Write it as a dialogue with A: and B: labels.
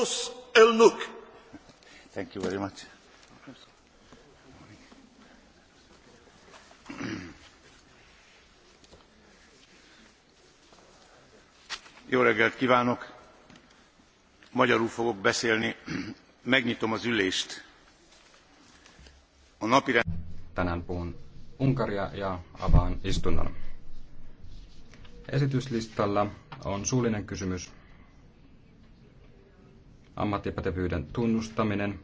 A: Os nuk.
B: Thank you very
C: much.
D: Jó reggelt kívánok! Magyarul fogok beszélni. Megnyitom az ülést. A rend...
E: Tänään puhun Unkaria ja avaan istunnon. Esityslistalla on suullinen kysymys ammattipätevyyden tunnustaminen